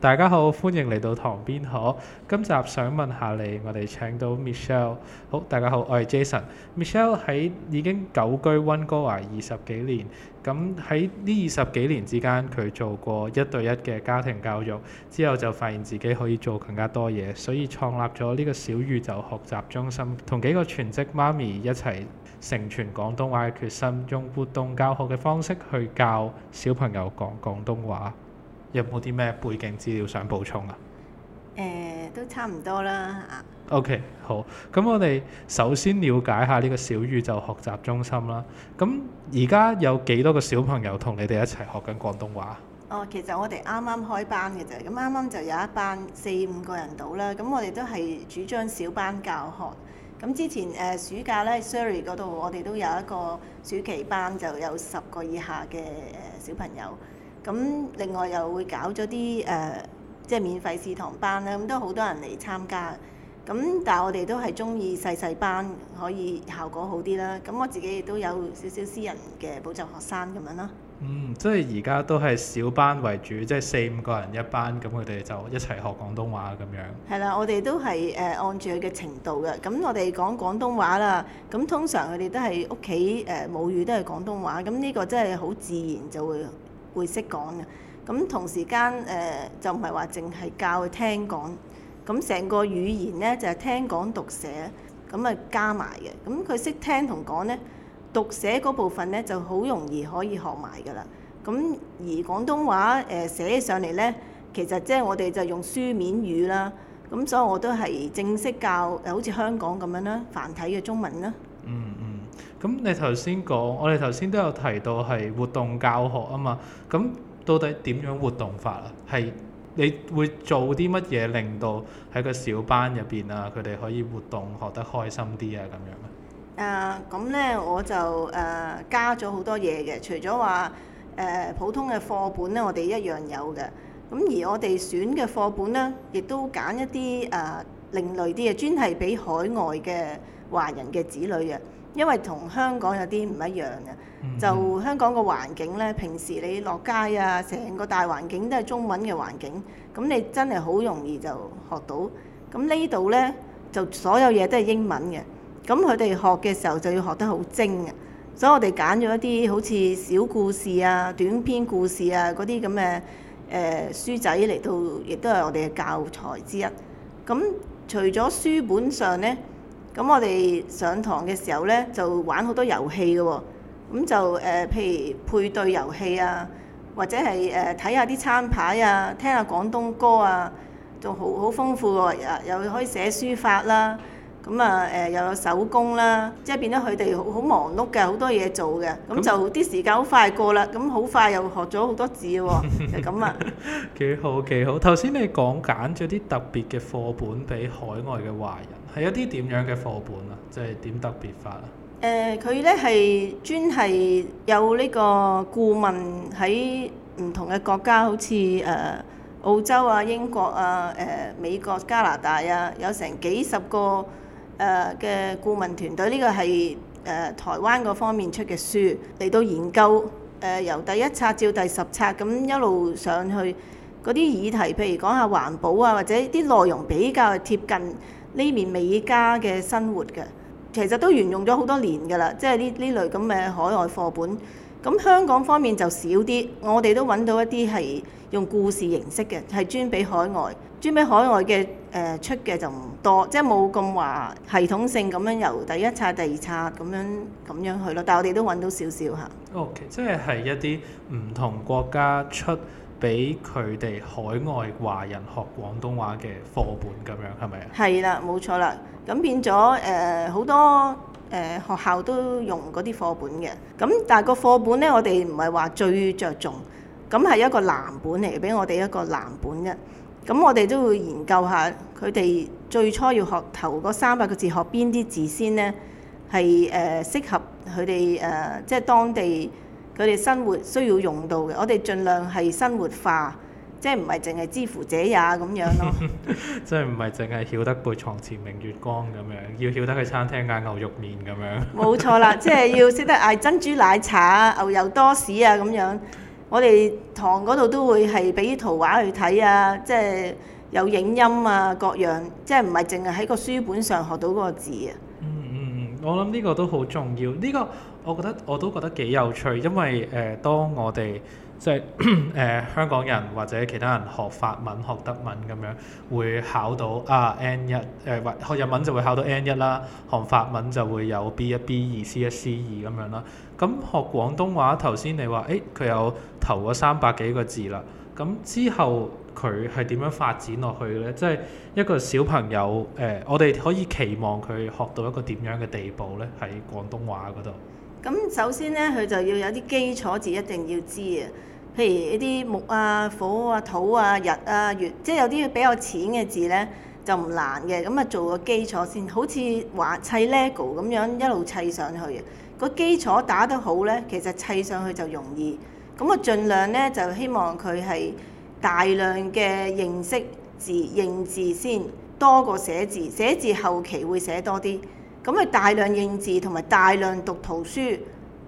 大家好，歡迎嚟到塘邊可。今集想問下你，我哋請到 Michelle。好，大家好，我係 Jason。Michelle 喺已經久居溫哥華二十幾年，咁喺呢二十幾年之間，佢做過一對一嘅家庭教育，之後就發現自己可以做更加多嘢，所以創立咗呢個小宇宙學習中心，同幾個全職媽咪一齊承傳廣東話嘅決心，用活動教學嘅方式去教小朋友講廣東話。有冇啲咩背景資料想補充啊？誒、欸，都差唔多啦嚇。OK，好。咁我哋首先了解下呢個小宇宙學習中心啦。咁而家有幾多個小朋友同你哋一齊學緊廣東話？哦，其實我哋啱啱開班嘅啫。咁啱啱就有一班四五個人到啦。咁我哋都係主張小班教學。咁之前誒、呃、暑假咧，Surrey 嗰度我哋都有一個暑期班，就有十個以下嘅小朋友。咁另外又會搞咗啲誒，即係免費試堂班啦，咁、嗯、都好多人嚟參加。咁、嗯、但係我哋都係中意細細班，可以效果好啲啦。咁我自己亦都有少少私人嘅補習學生咁樣啦。嗯，即係而家都係小班為主，即係四五個人一班，咁佢哋就一齊學廣東話咁樣。係啦，我哋都係誒、呃、按住佢嘅程度嘅。咁、嗯、我哋講廣東話啦，咁、嗯、通常佢哋都係屋企誒母語都係廣東話，咁、嗯、呢、呢個真係好自然就會。會識講嘅，咁、嗯、同時間誒、呃、就唔係話淨係教佢聽講，咁成個語言咧就係、是、聽講讀寫，咁啊加埋嘅，咁、嗯、佢識聽同講咧，讀寫嗰部分咧就好容易可以學埋㗎啦。咁、嗯、而廣東話誒寫、呃、上嚟咧，其實即係我哋就用書面語啦，咁、嗯、所以我都係正式教，好似香港咁樣啦，繁體嘅中文啦。嗯。嗯。咁你頭先講，我哋頭先都有提到係活動教學啊嘛。咁到底點樣活動法啊？係你會做啲乜嘢令到喺個小班入邊啊，佢哋可以活動學得開心啲啊？咁、呃、樣啊？誒，咁咧我就誒、呃、加咗好多嘢嘅，除咗話誒普通嘅課本咧，我哋一樣有嘅。咁而我哋選嘅課本咧，亦都揀一啲誒、呃、另類啲嘅，專係俾海外嘅華人嘅子女嘅。因為同香港有啲唔一樣嘅，就香港個環境呢，平時你落街啊，成個大環境都係中文嘅環境，咁你真係好容易就學到。咁呢度呢，就所有嘢都係英文嘅，咁佢哋學嘅時候就要學得好精嘅。所以我哋揀咗一啲好似小故事啊、短篇故事啊嗰啲咁嘅誒書仔嚟到，亦都係我哋嘅教材之一。咁除咗書本上呢。咁我哋上堂嘅時候呢，就玩好多遊戲嘅喎、哦，咁就誒、呃，譬如配對遊戲啊，或者係誒睇下啲餐牌啊，聽下廣東歌啊，仲好好豐富喎、哦，又可以寫書法啦，咁啊誒又有手工啦，即係變咗佢哋好忙碌嘅，好多嘢做嘅，咁、嗯、就啲時間好快過啦，咁好快又學咗好多字喎、哦，係咁 啊，幾好幾好，頭先你講揀咗啲特別嘅課本俾海外嘅華人。係一啲點樣嘅課本啊？即係點特別法啊？誒、呃，佢呢係專係有呢個顧問喺唔同嘅國家，好似誒、呃、澳洲啊、英國啊、誒、呃、美國、加拿大啊，有成幾十個誒嘅、呃、顧問團隊。呢、這個係誒、呃、台灣嗰方面出嘅書嚟到研究誒、呃，由第一冊照第十冊咁一路上去嗰啲議題，譬如講下環保啊，或者啲內容比較貼近。呢邊美加嘅生活嘅，其實都沿用咗好多年㗎啦，即係呢呢類咁嘅海外課本。咁、嗯、香港方面就少啲，我哋都揾到一啲係用故事形式嘅，係專俾海外，專俾海外嘅誒、呃、出嘅就唔多，即係冇咁話系統性咁樣由第一冊第二冊咁樣咁樣去咯。但係我哋都揾到少少嚇。O、okay，即係係一啲唔同國家出。俾佢哋海外華人學廣東話嘅課本咁樣，係咪啊？係啦，冇錯啦。咁變咗誒好多誒、呃、學校都用嗰啲課本嘅。咁但係個課本呢，我哋唔係話最着重，咁係一個藍本嚟，俾我哋一個藍本嘅。咁我哋都會研究下佢哋最初要學頭嗰三百個字，學邊啲字先呢？係誒、呃、適合佢哋誒即係當地。佢哋生活需要用到嘅，我哋盡量係生活化，即係唔係淨係知乎者也咁樣咯。 即係唔係淨係曉得背床前明月光咁樣，要曉得去餐廳嗌牛肉麵咁樣。冇錯啦， 即係要識得嗌珍珠奶茶、牛油多士啊咁樣。我哋堂嗰度都會係俾圖畫去睇啊，即係有影音啊各樣，即係唔係淨係喺個書本上學到嗰個字啊。嗯嗯，我諗呢個都好重要，呢、呢個。我覺得我都覺得幾有趣，因為誒、呃，當我哋即係誒香港人或者其他人學法文、學德文咁樣，會考到啊 N 一誒或學日文就會考到 N 一啦，學法文就會有 B 一、B 二、C 一、C 二咁樣啦。咁、嗯、學廣東話，頭先你話誒佢有頭嗰三百幾個字啦，咁、嗯、之後佢係點樣發展落去咧？即、就、係、是、一個小朋友誒、呃，我哋可以期望佢學到一個點樣嘅地步咧？喺廣東話嗰度。咁首先咧，佢就要有啲基礎字一定要知啊，譬如一啲木啊、火啊、土啊、日啊、月，即係有啲比較淺嘅字咧就唔難嘅，咁啊做個基礎先，好似話砌 Lego 咁樣一路砌上去啊。個基礎打得好咧，其實砌上去就容易。咁啊，盡量咧就希望佢係大量嘅認識字、認字先多過寫字，寫字後期會寫多啲。咁佢大量認字同埋大量讀圖書，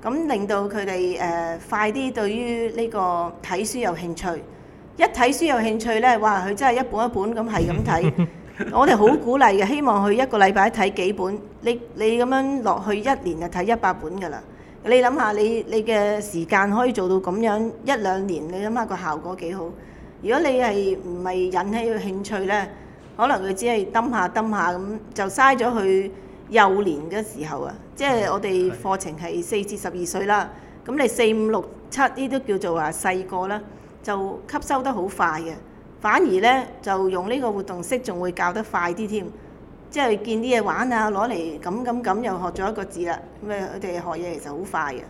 咁令到佢哋誒快啲對於呢個睇書有興趣。一睇書有興趣咧，哇！佢真係一本一本咁係咁睇。我哋好鼓勵嘅，希望佢一個禮拜睇幾本。你你咁樣落去一年就睇一百本㗎啦。你諗下，你你嘅時間可以做到咁樣一兩年，你諗下個效果幾好。如果你係唔係引起佢興趣咧，可能佢只係抌下抌下咁，就嘥咗佢。幼年嘅時候啊，即係我哋課程係四至十二歲啦，咁的你四五六七呢都叫做啊細個啦，就吸收得好快嘅，反而呢，就用呢個活動式仲會教得快啲添，即係見啲嘢玩啊，攞嚟咁咁咁又學咗一個字啦，咁啊佢哋學嘢其實好快嘅。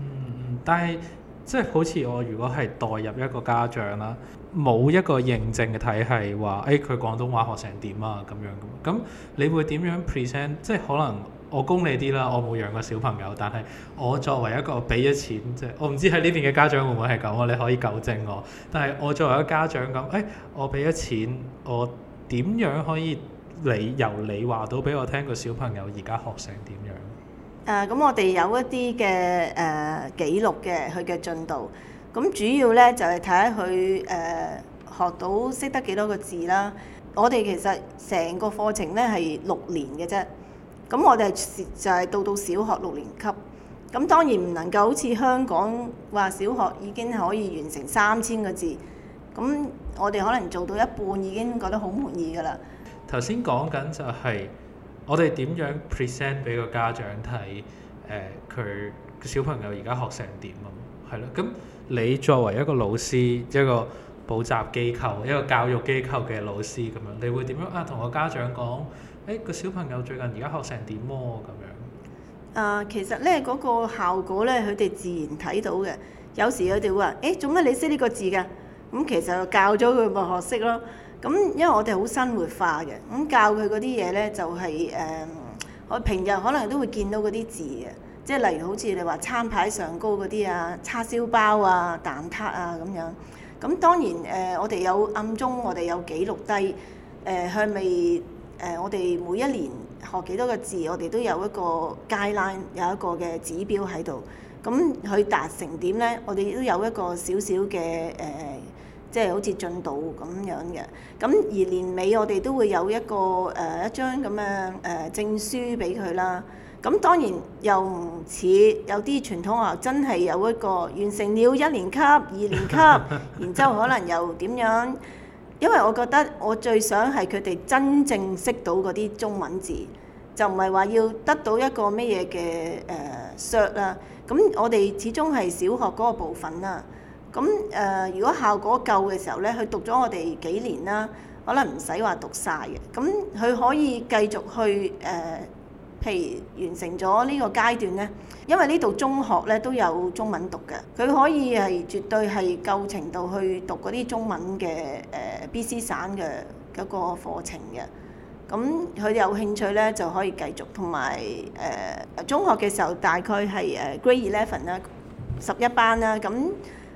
嗯，但係。即係好似我如果係代入一個家長啦，冇一個認證嘅體系話，誒、哎、佢廣東話學成點啊咁樣咁，你會點樣 present？即係可能我供你啲啦，我冇養過小朋友，但係我作為一個俾咗錢，即係，我唔知喺呢邊嘅家長會唔會係咁啊？你可以糾正我，但係我作為一個家長咁，誒、哎、我俾咗錢，我點樣可以理，你由你話到俾我聽個小朋友而家學成點樣？誒咁，啊、我哋有一啲嘅誒記錄嘅佢嘅進度。咁、嗯、主要呢，就係睇下佢誒學到識得幾多個字啦。我哋其實成個課程呢係六年嘅啫。咁、嗯、我哋就係、是、到到小學六年級。咁、嗯、當然唔能夠好似香港話小學已經可以完成三千個字。咁、嗯、我哋可能做到一半已經覺得好滿意㗎啦。頭先講緊就係、是。我哋點樣 present 俾個家長睇？誒、呃，佢小朋友而家學成點啊？係咯，咁、嗯、你作為一個老師，一個補習機構、一個教育機構嘅老師咁樣，你會點樣啊？同個家長講，誒、欸，個小朋友最近而家學成點咯？咁樣。啊、呃，其實咧嗰、那個效果咧，佢哋自然睇到嘅。有時佢哋會話，誒、欸，做乜你識呢個字㗎？咁、嗯、其實教咗佢咪學識咯。咁、嗯、因為我哋好生活化嘅，咁、嗯、教佢嗰啲嘢咧就係、是、誒、嗯，我平日可能都會見到嗰啲字嘅，即係例如好似你話餐牌上高嗰啲啊，叉燒包啊、蛋撻啊咁樣。咁、嗯、當然誒、呃，我哋有暗中我哋有記錄低誒，佢未誒，我哋、呃呃、每一年學幾多個字，我哋都有一個 guideline，有一個嘅指標喺度。咁、嗯、佢達成點咧，我哋都有一個少少嘅誒。呃即係好似進度咁樣嘅，咁而年尾我哋都會有一個誒、呃、一張咁樣誒、呃、證書俾佢啦。咁當然又唔似有啲傳統學校真係有一個完成了一年級、二年級， 然之後可能又點樣？因為我覺得我最想係佢哋真正識到嗰啲中文字，就唔係話要得到一個咩嘢嘅誒 cert 啦。咁我哋始終係小學嗰個部分啦。咁誒、呃，如果效果夠嘅時候咧，佢讀咗我哋幾年啦，可能唔使話讀晒嘅。咁佢可以繼續去誒、呃，譬如完成咗呢個階段咧，因為呢度中學咧都有中文讀嘅，佢可以係絕對係夠程度去讀嗰啲中文嘅誒 B、呃、C 省嘅一個課程嘅。咁佢哋有興趣咧就可以繼續，同埋誒中學嘅時候大概係誒 Grade Eleven 啦，十一班啦，咁。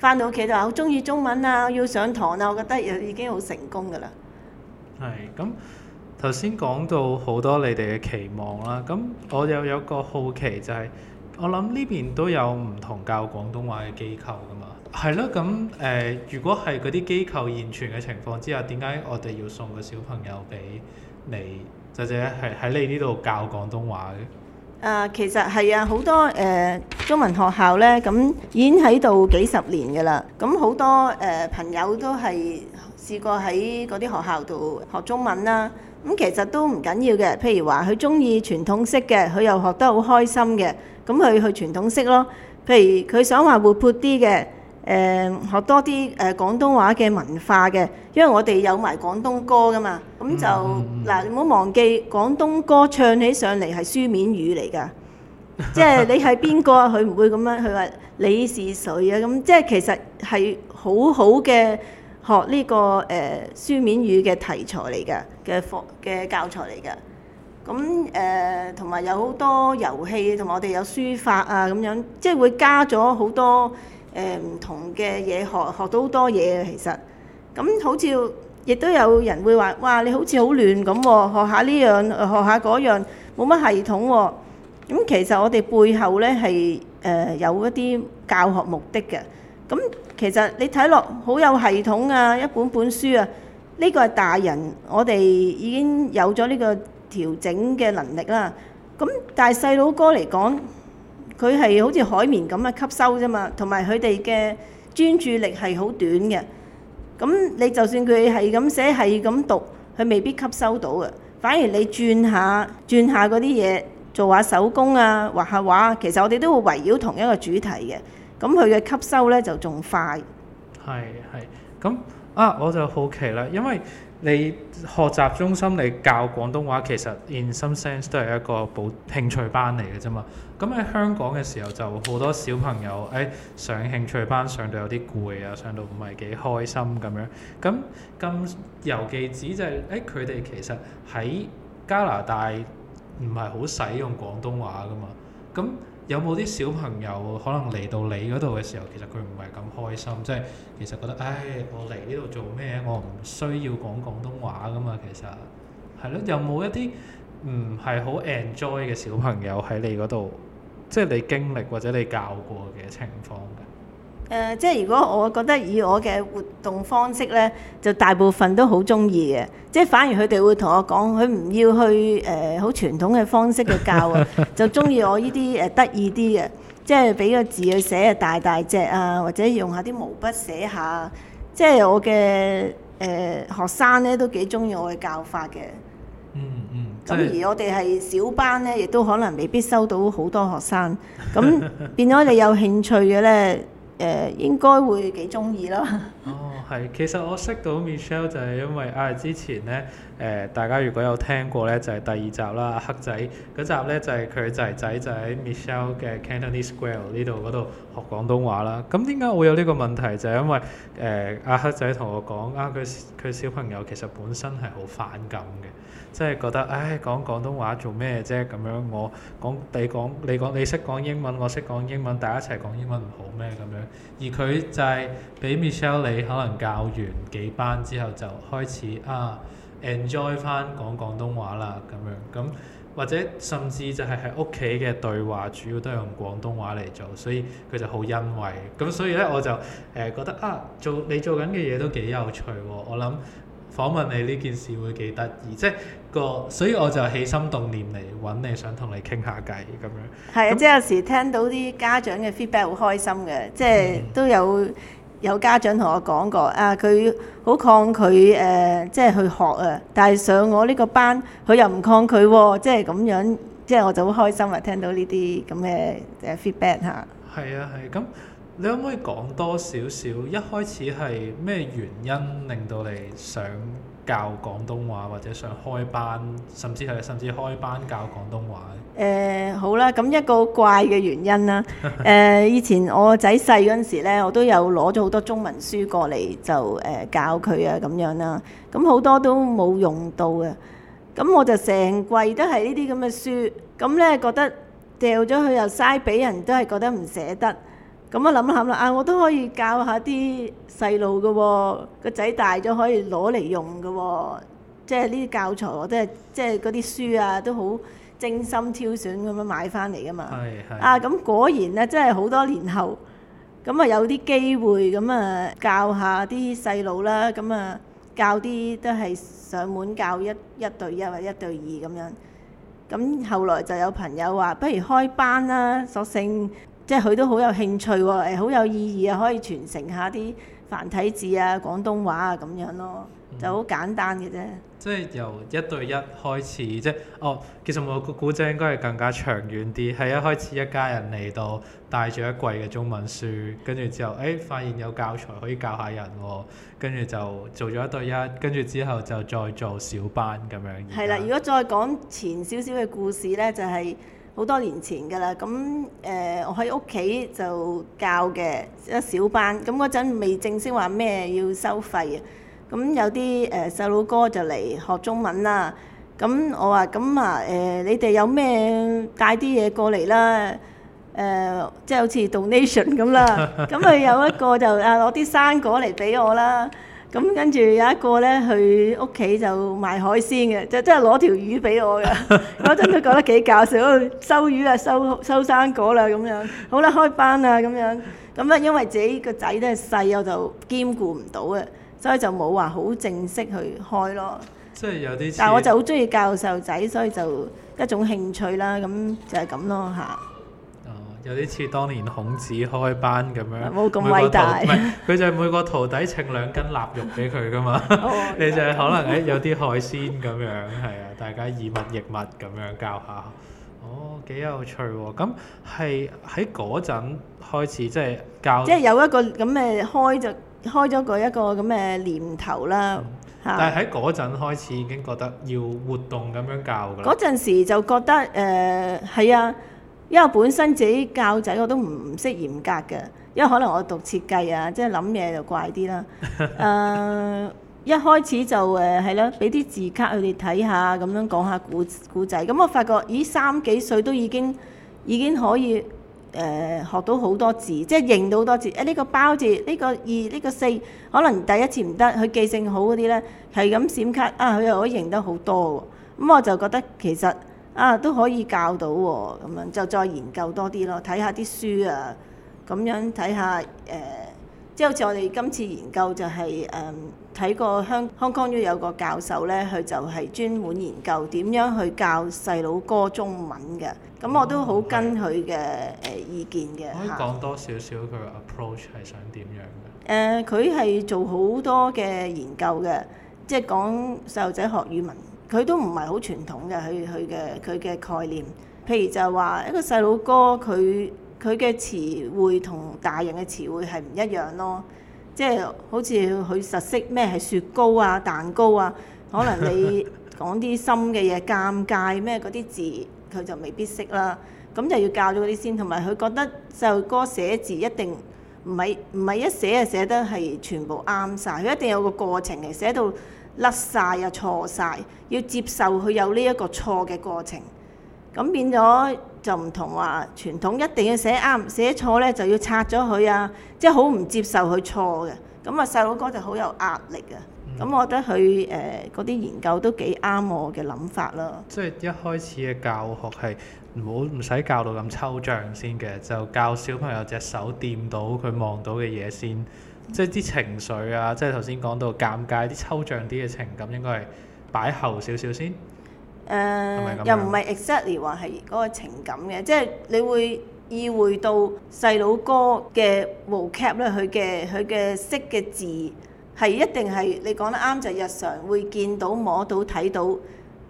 翻到屋企就話好中意中文啊，要上堂啊，我覺得已經好成功㗎啦。係，咁頭先講到好多你哋嘅期望啦，咁我有有一個好奇就係、是，我諗呢邊都有唔同教廣東話嘅機構㗎嘛。係咯，咁誒、呃，如果係嗰啲機構現存嘅情況之下，點解我哋要送個小朋友俾你，就者係喺你呢度教廣東話？啊、呃，其實係啊，好多誒、呃、中文學校咧，咁已經喺度幾十年㗎啦。咁、嗯、好多誒、呃、朋友都係試過喺嗰啲學校度學中文啦。咁、嗯、其實都唔緊要嘅。譬如話，佢中意傳統式嘅，佢又學得好開心嘅，咁佢去傳統式咯。譬如佢想話活潑啲嘅。誒、嗯、學多啲誒、呃、廣東話嘅文化嘅，因為我哋有埋廣東歌噶嘛，咁就嗱、嗯嗯、你唔好忘記廣東歌唱起上嚟係書面語嚟噶，即係你係邊個啊？佢唔會咁樣，佢話你是誰啊？咁、 啊、即係其實係好好嘅學呢、呢個誒、呃、書面語嘅題材嚟噶嘅課嘅教材嚟噶。咁誒同埋有好多遊戲，同埋我哋有書法啊咁樣，即係會加咗好多。誒唔、嗯、同嘅嘢學學到好多嘢其實，咁、嗯、好似亦都有人會話，哇！你好似好亂咁喎，學下呢樣學下嗰樣，冇乜系統喎、哦。咁、嗯、其實我哋背後呢係誒、呃、有一啲教學目的嘅。咁、嗯、其實你睇落好有系統啊，一本本書啊，呢、這個係大人，我哋已經有咗呢個調整嘅能力啦。咁、嗯、但係細佬哥嚟講，佢係好似海綿咁啊，吸收啫嘛，同埋佢哋嘅專注力係好短嘅。咁你就算佢係咁寫，係咁讀，佢未必吸收到嘅。反而你轉下轉下嗰啲嘢，做下手工啊，畫下畫，其實我哋都會圍繞同一個主題嘅。咁佢嘅吸收呢，就仲快。係係，咁啊，我就好奇啦，因為。你學習中心你教廣東話，其實 in some sense 都係一個補興趣班嚟嘅啫嘛。咁喺香港嘅時候就好多小朋友誒、哎、上興趣班上到有啲攰啊，上到唔係幾開心咁樣。咁咁尤其指就係誒，佢哋其實喺加拿大唔係好使用廣東話㗎嘛。咁有冇啲小朋友可能嚟到你嗰度嘅時候，其實佢唔係咁開心，即係其實覺得，唉，我嚟呢度做咩？我唔需要講廣東話噶嘛，其實，係咯。有冇一啲唔係好 enjoy 嘅小朋友喺你嗰度，即係你經歷或者你教過嘅情況？誒、呃、即係如果我覺得以我嘅活動方式咧，就大部分都好中意嘅。即係反而佢哋會同我講，佢唔要去誒好、呃、傳統嘅方式去教啊， 就中意我呢啲誒得意啲嘅。即係俾個字去寫啊，大大隻啊，或者用下啲毛筆寫下。即係我嘅誒、呃、學生咧，都幾中意我嘅教法嘅、嗯。嗯嗯。咁而我哋係小班咧，亦都可能未必收到好多學生。咁變咗你有興趣嘅咧。誒應該會幾中意咯。哦，係，其實我識到 Michelle 就係因為啊之前呢。誒、呃，大家如果有聽過咧，就係、是、第二集啦。黑、啊、仔嗰集咧，就係、是、佢仔仔就喺 Michelle 嘅 Cantonese Square 呢度度學廣東話啦。咁點解會有呢個問題？就是、因為誒阿黑仔同我講啊，佢佢、啊、小朋友其實本身係好反感嘅，即、就、係、是、覺得唉講廣東話做咩啫？咁樣我講你講你講你識講你你英文，我識講英文，大家一齊講英文唔好咩？咁樣而佢就係俾 Michelle 你可能教完幾班之後，就開始啊～enjoy 翻講廣東話啦，咁樣咁或者甚至就係喺屋企嘅對話，主要都係用廣東話嚟做，所以佢就好欣慰。咁所以咧，我就誒、呃、覺得啊，做你做緊嘅嘢都幾有趣喎。我諗訪問你呢件事會幾得意，即係個，所以我就起心動念嚟揾你想同你傾下偈咁樣。係啊，那即係有時聽到啲家長嘅 feedback 好開心嘅，即係都有。嗯有家長同我講過啊，佢好抗拒誒、呃，即係去學啊。但係上我呢個班，佢又唔抗拒喎、啊，即係咁樣，即係我就好開心啊！聽到呢啲咁嘅誒 feedback 嚇。係啊，係咁、啊，你可唔可以講多少少？一開始係咩原因令到你想？教廣東話或者想開班，甚至係甚，甚至開班教廣東話誒、呃、好啦，咁一個怪嘅原因啦。誒、 呃、以前我仔細嗰陣時咧，我都有攞咗好多中文書過嚟就誒、呃、教佢啊咁樣啦。咁好多都冇用到嘅，咁我就成櫃都係呢啲咁嘅書，咁咧覺得掉咗佢又嘥，俾人都係覺得唔捨得。咁我諗下啦，啊、嗯，我都可以教下啲細路噶喎，個仔大咗可以攞嚟用噶喎、哦，即係呢啲教材我都係即係嗰啲書啊都好精心挑選咁樣買翻嚟噶嘛。係係。啊，咁、嗯、果然咧，真係好多年後，咁、嗯、啊有啲機會咁啊、嗯、教下啲細路啦，咁、嗯、啊教啲都係上門教一一對一或一對二咁樣。咁、嗯、後來就有朋友話：不如開班啦，索性。即係佢都好有興趣喎、哦，好有意義啊，可以傳承下啲繁體字啊、廣東話啊咁樣咯，就好簡單嘅啫、嗯。即係由一對一開始，即係哦，其實我個故事應該係更加長遠啲，係一開始一家人嚟到帶住一季嘅中文書，跟住之後誒發現有教材可以教下人喎、哦，跟住就做咗一對一，跟住之後就再做小班咁樣。係啦，如果再講前少少嘅故事呢，就係、是。好多年前㗎啦，咁誒、呃、我喺屋企就教嘅一小班，咁嗰陣未正式話咩要收費啊，咁有啲誒細佬哥就嚟學中文啦，咁我話咁啊誒你哋有咩帶啲嘢過嚟啦，誒、呃、即係好似 donation 咁啦，咁啊 有一個就啊攞啲生果嚟俾我啦。咁、嗯、跟住有一個咧去屋企就賣海鮮嘅，就真係攞條魚俾我嘅。嗰 陣 都覺得幾搞笑，收魚啊收收生果啦、啊、咁樣。好啦，開班啦、啊、咁樣。咁啊，因為自己個仔咧細，我就兼顧唔到啊，所以就冇話好正式去開咯。即係有啲。但係我就好中意教授仔，所以就一種興趣啦。咁就係咁咯嚇。有啲似當年孔子開班咁樣，冇咁偉大。佢 就每個徒弟請兩斤臘肉俾佢噶嘛， 怕 你就係可能喺有啲海鮮咁樣，係啊，大家以物易物咁樣教下。哦，幾有趣喎！咁係喺嗰陣開始即係教，即係有一個咁嘅開咗開咗個一個咁嘅念頭啦。但係喺嗰陣開始已經覺得要活動咁樣教噶啦。嗰陣時就覺得誒係、呃、啊。因為本身自己教仔我都唔唔識嚴格嘅，因為可能我讀設計啊，即係諗嘢就怪啲啦。誒、 呃，一開始就誒係啦，俾、呃、啲字卡佢哋睇下，咁樣講下故故仔。咁我發覺，咦，三幾歲都已經已經可以誒、呃、學到好多字，即係認到好多字。誒、呃、呢、這個包字，呢、這個二，呢、這個四，可能第一次唔得，佢記性好嗰啲咧，係咁閃卡，啊，佢又可以認得好多喎、哦。咁我就覺得其實。啊，都可以教到喎、哦，咁樣就再研究多啲咯，睇下啲書啊，咁樣睇下誒、呃，即係好似我哋今次研究就係、是、誒，睇、呃、過香港，香港有個教授咧，佢就係專門研究點樣去教細佬哥中文嘅，咁我都好跟佢嘅誒意見嘅。哦嗯、可以講多少少佢 approach 係想點樣嘅？誒、呃，佢係做好多嘅研究嘅，即係講細路仔學語文。佢都唔係好傳統嘅，佢佢嘅佢嘅概念，譬如就係話一個細路哥，佢佢嘅詞彙同大人嘅詞彙係唔一樣咯，即係好似佢實識咩係雪糕啊、蛋糕啊，可能你講啲深嘅嘢、尷尬咩嗰啲字，佢就未必識啦。咁就要教咗嗰啲先，同埋佢覺得細路哥寫字一定唔係唔係一寫就寫得係全部啱晒，佢一定有個過程嚟寫到。甩晒呀，錯晒，要接受佢有呢一個錯嘅過程。咁變咗就唔同話傳統，一定要寫啱寫錯呢，就要拆咗佢啊！即係好唔接受佢錯嘅。咁啊細佬哥就好有壓力啊。咁、嗯、我覺得佢誒嗰啲研究都幾啱我嘅諗法啦。即係一開始嘅教學係唔好唔使教到咁抽象先嘅，就教小朋友隻手掂到佢望到嘅嘢先。即係啲情緒啊！即係頭先講到尷尬啲抽象啲嘅情感，應該係擺後少少先。誒、uh，又唔係 exactly 話係嗰個情感嘅。即係你會意會到細佬哥嘅 vocab 咧，佢嘅佢嘅識嘅字係一定係你講得啱，就日常會見到摸到睇到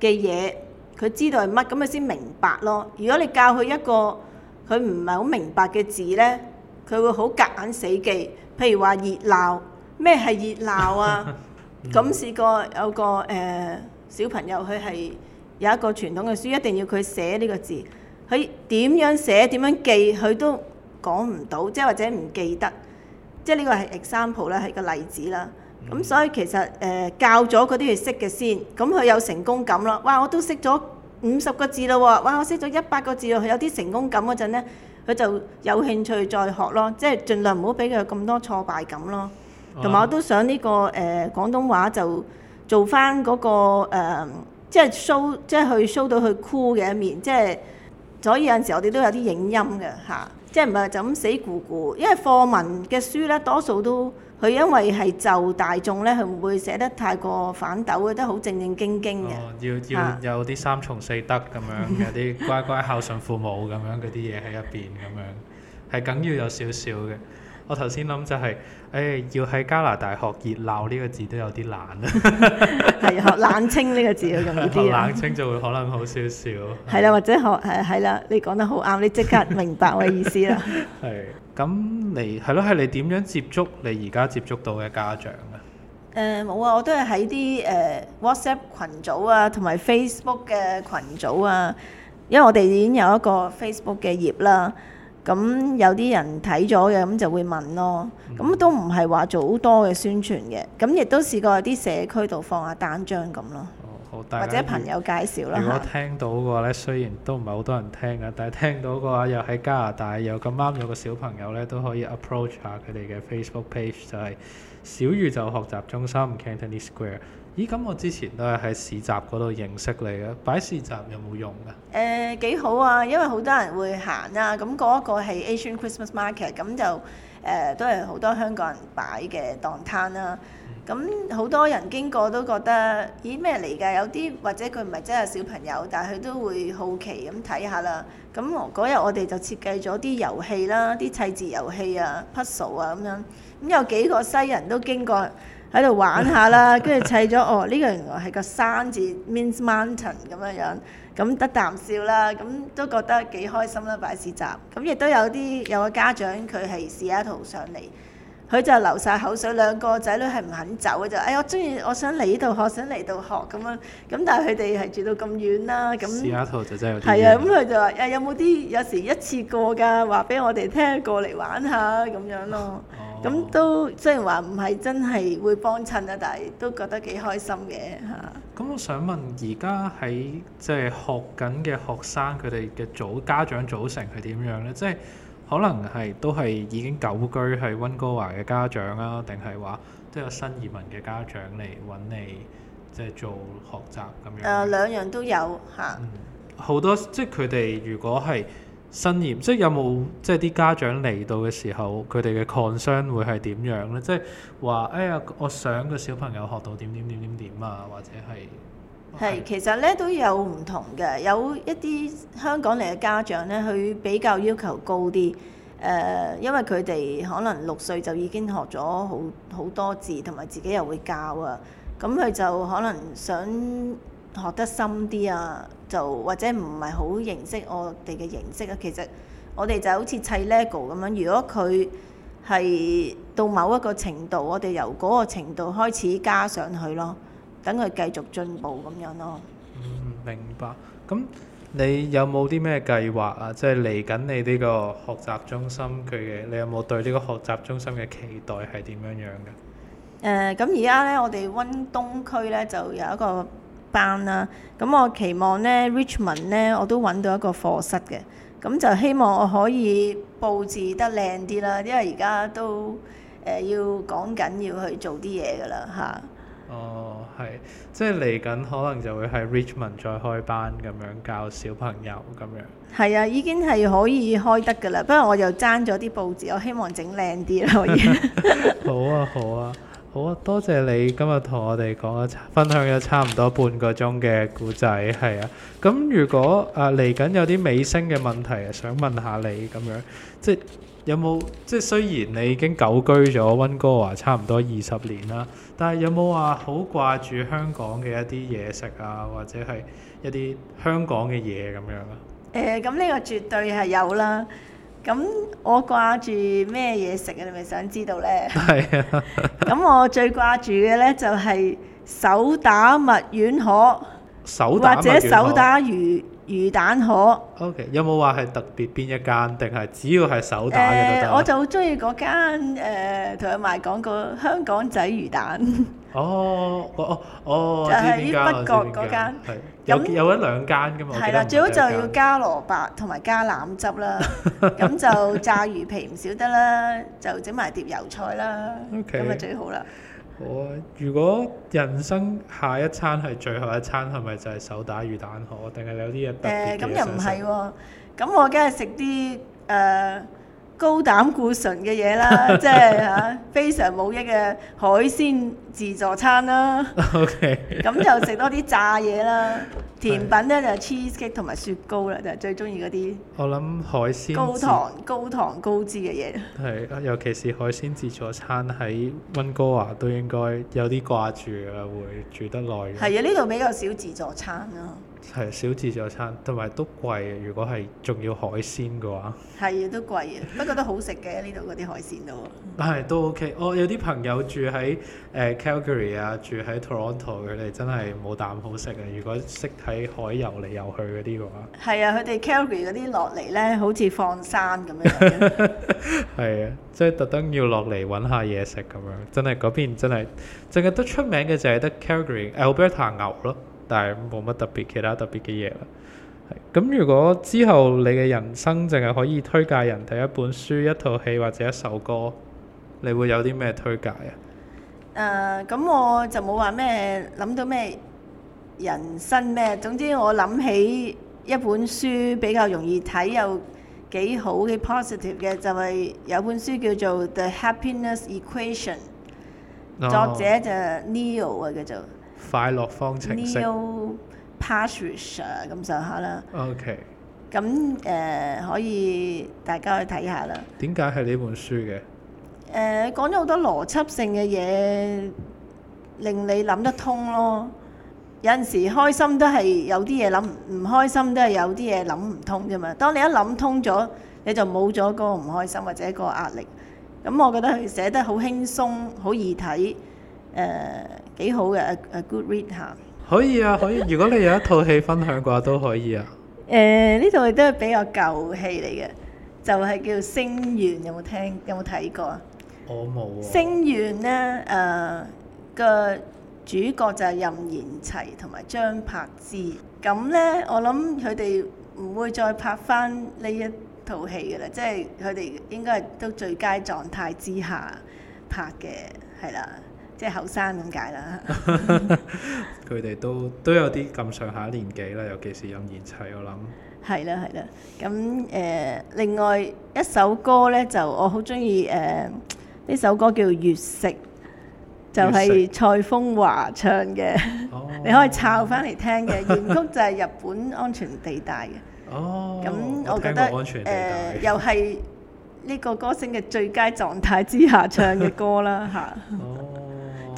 嘅嘢，佢知道係乜，咁佢先明白咯。如果你教佢一個佢唔係好明白嘅字咧，佢會好夾硬死記。譬如話熱鬧，咩係熱鬧啊？咁試過有個誒小朋友，佢係有一個傳統嘅書，一定要佢寫呢個字。佢點樣寫、點樣記，佢都講唔到，即係或者唔記得。即係呢個係 example 啦，係個例子啦。咁所以其實誒教咗嗰啲係識嘅先，咁佢有成功感啦。哇！我都識咗五十個字啦喎，哇！我識咗一百個字啦，佢有啲成功感嗰陣咧。佢就有興趣再學咯，即係盡量唔好俾佢咁多挫敗感咯。同埋我都想呢、這個誒、呃、廣東話就做翻嗰、那個、呃、即係 show，即係去 show 到佢 cool 嘅一面。即係所以有陣時我哋都有啲影音嘅吓、啊，即係唔係就咁死咕咕，因為課文嘅書咧多數都。佢因為係就大眾咧，佢唔會寫得太過反斗，都好正正經經嘅。哦，要要有啲三從四德咁樣， 有啲乖乖孝順父母咁樣嗰啲嘢喺入邊咁樣，係梗要有少少嘅。我頭先諗就係、是，誒、哎、要喺加拿大學熱鬧呢個字都有啲難啊。係 學冷清呢個字容易啲。 學冷清就會可能好少少。係啦、 啊，或者學誒係啦，你講得好啱，你即刻明白我意思啦。係 咁你係咯，係、啊、你點樣接觸你而家接觸到嘅家長啊？誒冇、呃、啊，我都係喺啲誒 WhatsApp 群組啊，同埋 Facebook 嘅群組啊，因為我哋已經有一個 Facebook 嘅頁啦。咁有啲人睇咗嘅，咁就會問咯。咁、嗯嗯、都唔係話做好多嘅宣傳嘅。咁、嗯、亦都試過喺啲社區度放下單張咁咯。好好或者朋友介紹啦。如果聽到嘅話咧，是雖然都唔係好多人聽呀，但係聽到嘅話又喺加拿大又咁啱有個小朋友咧，都可以 approach 下佢哋嘅 Facebook page，就係小宇宙學習中心 Cantonese Square。咦咁我之前都係喺市集嗰度認識你嘅，擺市集有冇用噶？誒、呃、幾好啊，因為好多人會行啊。咁嗰一個係 Asian Christmas Market，咁就誒、呃、都係好多香港人擺嘅檔攤啦、啊。咁好、嗯嗯、多人經過都覺得咦咩嚟㗎？有啲或者佢唔係真係小朋友，但係佢都會好奇咁睇下啦。咁嗰日我哋就設計咗啲遊戲啦，啲砌字遊戲啊、puzzle 啊咁樣。咁、嗯、有幾個西人都經過。喺度玩下啦，跟住砌咗哦，呢、這個原來係個山字，means mountain 咁樣樣，咁、嗯、得啖笑啦，咁、嗯、都覺得幾開心啦，擺市集，咁、嗯、亦都有啲有個家長佢係試下圖上嚟，佢就流晒口水，兩個仔女係唔肯走嘅就，哎我中意，我想嚟呢度學，想嚟度學咁樣，咁但係佢哋係住到咁遠啦，咁試下圖就真係係啊，咁佢就話，誒 有冇啲有，有時一次過㗎，話俾我哋聽，過嚟玩下咁樣咯。咁都即係話唔係真係會幫襯啊，但係都覺得幾開心嘅嚇。咁我想問，而家喺即係學緊嘅學生，佢哋嘅組家長組成係點樣呢？即係可能係都係已經久居喺溫哥華嘅家長啦，定係話都有新移民嘅家長嚟揾你即係做學習咁樣。誒兩樣都有嚇。啊，好多即係佢哋如果係。新嚴，即係有冇即係啲家長嚟到嘅時候，佢哋嘅 concern 會係點樣呢？即係話，哎呀，我想個小朋友學到點點點點點啊，或者係係、okay. 其實咧都有唔同嘅，有一啲香港嚟嘅家長咧，佢比較要求高啲，誒、呃，因為佢哋可能六歲就已經學咗好好多字，同埋自己又會教啊，咁佢就可能想學得深啲啊。就或者唔係好認識我哋嘅形式啊，其實我哋就好似砌 Lego 咁樣，如果佢係到某一個程度，我哋由嗰個程度開始加上去咯，等佢繼續進步咁樣咯。嗯，明白。咁你有冇啲咩計劃啊？即係嚟緊你呢個學習中心佢嘅，你有冇對呢個學習中心嘅期待係點樣樣嘅？誒、呃，咁而家咧，我哋溫東區咧就有一個。班啦、啊，咁、嗯、我期望咧 Richmond 咧，我都揾到一個課室嘅，咁、嗯、就希望我可以布置得靚啲啦，因為而家都誒、呃、要講緊要去做啲嘢噶啦吓？啊、哦，係，即係嚟緊可能就會喺 Richmond 再開班咁樣教小朋友咁樣。係啊，已經係可以開得噶啦，不過我又爭咗啲佈置，我希望整靚啲啦可以？ 好啊，好啊。好啊，多謝你今日同我哋講啊，分享咗差唔多半個鐘嘅故仔，係啊。咁如果啊嚟緊有啲尾聲嘅問題，想問下你咁樣，即係有冇即係雖然你已經久居咗溫哥華差唔多二十年啦，但係有冇話好掛住香港嘅一啲嘢食啊，或者係一啲香港嘅嘢咁樣啊？誒、欸，咁呢個絕對係有啦。咁、嗯、我掛住咩嘢食啊？你咪想知道呢？係啊、 嗯！咁我最掛住嘅呢就係手打墨丸河，河或者手打魚魚蛋河。O、okay, K，有冇話係特別邊一間？定係只要係手打嘅都得、呃？我就好中意嗰間同佢買講個香港仔魚蛋。 哦，哦，我哦，就係於北角嗰間那，有那有一兩間噶嘛。係啦的，最好就要加蘿蔔同埋加腩汁啦，咁 就炸魚皮唔少得啦，就整埋碟油菜啦，咁啊 Okay. 最好啦。好啊、哦，如果人生下一餐係最後一餐，係咪就係手打魚蛋河？定係有啲嘢特別嘅嘗試？咁又唔係喎，咁、哦、我梗係食啲誒。呃高膽固醇嘅嘢啦， 即係嚇、啊、非常冇益嘅海鮮自助餐啦。 OK，咁 就食多啲炸嘢啦。甜品咧是就 cheese cake 同埋雪糕啦，就係、最中意嗰啲。我諗海鮮高糖高糖高脂嘅嘢。係啊，尤其是海鮮自助餐喺溫哥華都應該有啲掛住啊，會住得耐。係啊，呢度比較少自助餐啊。係小自助餐，同埋都貴嘅。如果係仲要海鮮嘅話，係啊，都貴啊，不過都好食嘅，呢度嗰啲海鮮都，但係、 嗯、都 OK，我、哦、有啲朋友住喺誒 Calgary 啊，呃、Calgary，住喺 Toronto，佢哋真係冇啖好食啊。如果識睇海遊嚟遊去嗰啲嘅話，係啊，佢哋 Calgary 嗰啲落嚟咧，好似放生咁樣。係 啊，即、就、係、是、特登要落嚟揾下嘢食咁樣，真係嗰邊真係淨係得出名嘅就係得 Calgary Alberta 牛咯。但係冇乜特別，其他特別嘅嘢啦。咁，如果之後你嘅人生淨係可以推介人睇一本書、一套戲或者一首歌，你會有啲咩推介啊？誒，咁我就冇話咩諗到咩人生咩，總之我諗起一本書比較容易睇又幾好嘅 positive 嘅，就係、是、有本書叫做《The Happiness Equation》，Oh. 作者就 Neil 啊叫做。快樂方程式，咁上下啦。OK。咁誒可以大家去睇下啦。點解係呢本書嘅？誒講咗好多邏輯性嘅嘢，令你諗得通咯。有陣時開心都係有啲嘢諗，唔開心都係有啲嘢諗唔通啫嘛。當你一諗通咗，你就冇咗嗰個唔開心或者個壓力。咁我覺得佢寫得好輕鬆，好易睇。誒。幾好嘅，a a good read 下。可以啊，可以。如果你有一套戲分享嘅話， 都可以啊。誒，呢套都係比較舊戲嚟嘅，就係、是、叫《星願》，有冇聽？有冇睇過啊？我冇、oh, 哦。星《星、呃、願》呢、那、誒個主角就係任賢齊同埋張柏芝。咁呢，我諗佢哋唔會再拍翻呢一套戲嘅啦，即係佢哋應該係都最佳狀態之下拍嘅，係啦。即係後生咁解啦，佢哋都都有啲咁上下年紀啦，尤其是任賢齊，我諗係啦係啦。咁誒、呃，另外一首歌咧，就我好中意誒，呢、呃、首歌叫《月食》，就係、是、蔡楓華唱嘅，食 你可以抄翻嚟聽嘅 原曲就係日本安全地帶嘅。 哦，咁我覺得誒，呃、又係呢個歌星嘅最佳狀態之下唱嘅歌啦，嚇。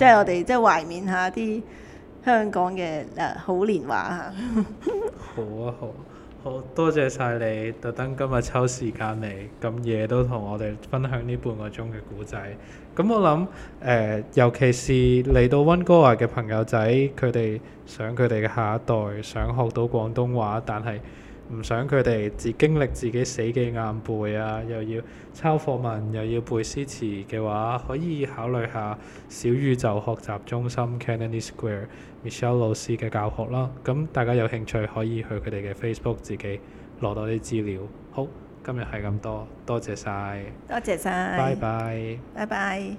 即係我哋即係懷念下啲香港嘅誒好年華嚇。 好啊好，好多謝晒你特登今日抽時間嚟，咁夜都同我哋分享呢半個鐘嘅古仔。咁我諗誒、呃，尤其是嚟到溫哥華嘅朋友仔，佢哋想佢哋嘅下一代想學到廣東話，但係。唔想佢哋自經歷自己死記硬背啊，又要抄課文，又要背詩詞嘅話，可以考慮下小宇宙學習中心 Cantonese Square Michelle 老師嘅教學啦。咁大家有興趣可以去佢哋嘅 Facebook 自己攞多啲資料。好，今日係咁多，多謝晒，多謝晒，拜拜 bye。拜拜。